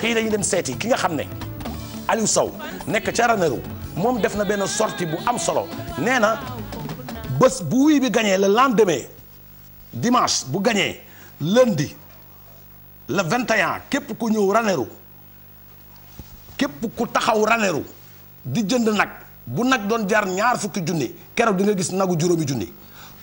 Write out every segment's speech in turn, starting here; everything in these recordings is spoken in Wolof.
xëy dañuy dem seeti ki nga xam ne Aliou Sow nekk ca Ranérou moom def na benn sorti bu am solo nee na bés bu wuy bi gañee le lendemain dimanche bu gañee lundi le 21 képp ku ñëw Ranérou képp ku taxaw Ranérou di jënd nag bu nag doon jaar ñaar fukki junni keroot di nga gis nagu juróomi junni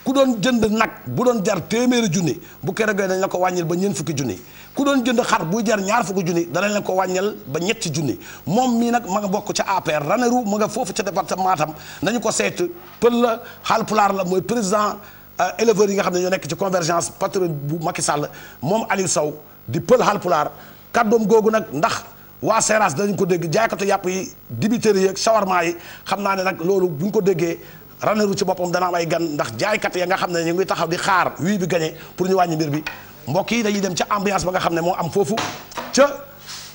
ku doon jënd nag bu doon jar téeméeri junni bu keroogee dañ la ko wàññil ba ñeent fukki junni ku doon jënd xar buy jar ñaar fukki junni danañ la ko wàññil ba ñetti junni moom mii nag ma nga bokk ca APR Ranérou ma nga foofu ca département Matam nañu ko seet pël la Haalpulaar la mooy président euh, éleveurs yi nga xam ne ñoo nekk ci convergence patron bu Macky Sall moom Aliou Sow di pël Haalpulaar kàddoom googu nag ndax waa Seras dañu ko dégg jaaykatu yàpp yi dibiteri yeeg shawarma yi xam naa ne nag loolu bu ñu ko déggee runner bi ci boppam dana am ay gan ndax jaaykat ya nga xam ne ñu ngi taxaw di xaar wii bi gagné pour ñu wàññi mbir bi mbokk yi dañuy dem ca ambiance ba nga xam ne moo am foofu ca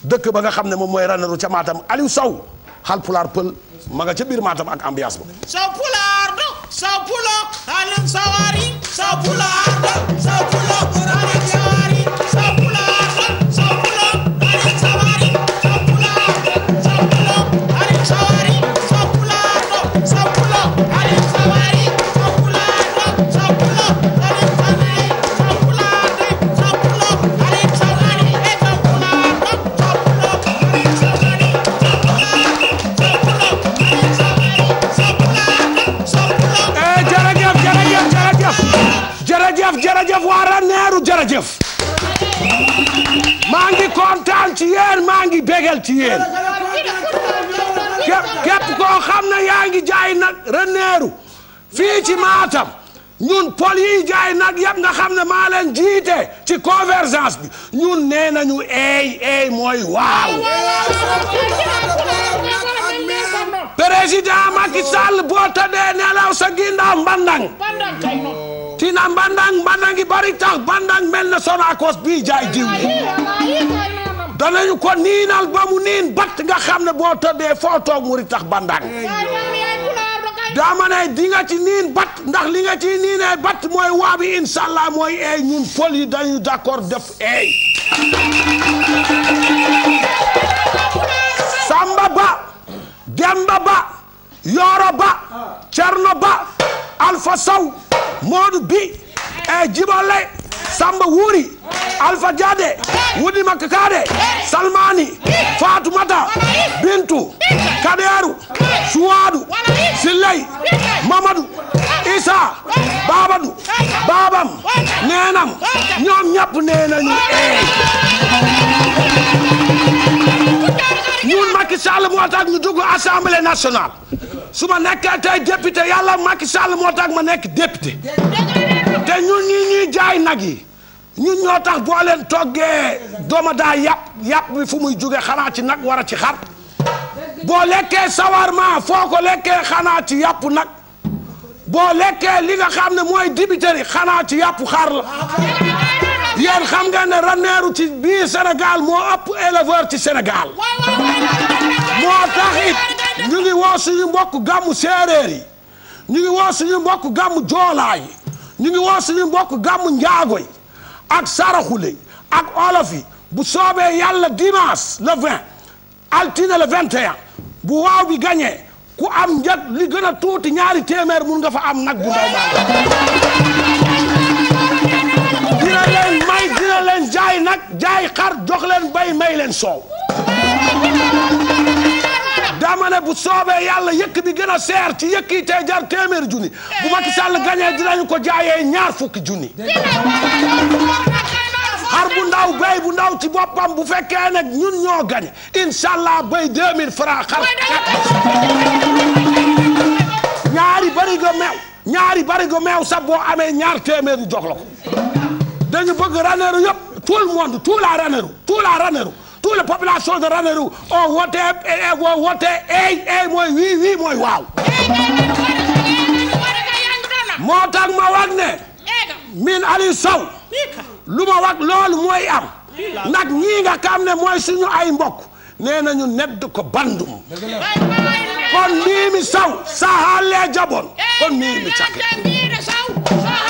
dëkk ba nga xam ne moom mooy runneru ca maatam Aliou Sow xal pulaar pël ma nga ca biir maatam ak ambiance ba. Sow pulaar do Sow pulaar Aliou Sow ari pulaar jërëjëf maa ngi kontaan ci yéen maa ngi bégal ci yéen képp képp xam ne yaa ngi jaay nag reneeru fii ci Matam ñun pol jaay nag yëpp nga xam ne maa jiite ci convergence ñun nee nañu eey eey mooy waaw. président Macky Sall boo nelaw sa ginnaaw mbandang tina mbandang mbandang bari tax mbandang mel na Sonacos bii jaay diw danañu ko niinal ba mu niin bat nga xam ne boo tëddee foo toog mu ri tax mbandang dama ci niin bat ndax li ci niinee bat mooy waabi inshallah mooy eey ñun fol yi dañu d'accord def eey Samba Ba Demba Ba Yoro Ba Cerno Ba Alfa Sow Modou Bi e Jibolle Samba Wuri Alpha Diade Wudi Makakade Salmani Fatoumata Bintu Kadeeru Suwaadu Silley Mamadou Issa Babadu Babam Neenam ñoom ñëpp nee nañu eh. ñun Macky Sall moo tax ñu dugg Assemblée su ma nekkee tey député yàlla Macky Sall moo tax ma nekk député te ñun ñuy jaay nag yi ñun ñoo tax boo leen toggee dooma daa yàpp yàpp fu muy jóge xanaa ci nag war a ci xar boo lekkee sawarma foo ko lekkee xanaa ci yàpp nag boo lekkee li nga xam ne mooy dibiteri xanaa ci yàpp xar la yéen xam nga ne raneeru ci biir Sénégal moo ëpp éleveur ci Sénégal moo tax ñu ngi woo suñu mbokk gàmmu séeréer yi ñu ngi woo suñu mbokk gàmmu joolaa ñu ngi woo suñu mbokk gàmmu njaago yi ak saraxule yi ak olof yi bu soobee yàlla dimanche le 20 altine le 21 bu waaw bi gañee ku am njëg li gën a tuuti ñaari téeméer mun nga am nag bu ndaw dina leen may dina leen jaay nag jaay xar jox bay may leen soow dama ne bu soobee yàlla yëkk bi gën a seer ci yëkk yi jar téeméer junni bu Macky Sall gañee dinañu ko jaayee ñaar fukki junni xar bu ndaw béy bu ndaw ci boppam bu fekkee nag ñun ñoo gañe inshallah béy 2000 francs xar ñaari barigo meew ñaari barigo meew sax boo amee ñaar téeméer ñu jox ko dañu bëgg raneeru yëpp tout le monde raneeru tout raneeru toute la population de Ranérou on voté eey eey mooy oui oui mooy waaw. moo tax ma wax ne. min Aliou Sow. lu ma wax loolu mooy am. nag ñii nga xam ne mooy suñu ay mbokk. nee nañu nedd ko bandum. kon nii mi saw. saa xaalee jaboon kon nii mi